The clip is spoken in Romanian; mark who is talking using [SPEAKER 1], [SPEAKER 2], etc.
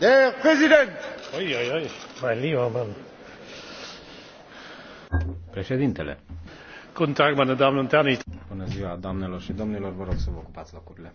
[SPEAKER 1] Der Präsident! Uiuiui, mein lieber Mann.
[SPEAKER 2] Președintele. Guten Tag, meine Damen und Herren. Bună ziua, doamnelor și domnilor, vă rog să vă ocupați locurile.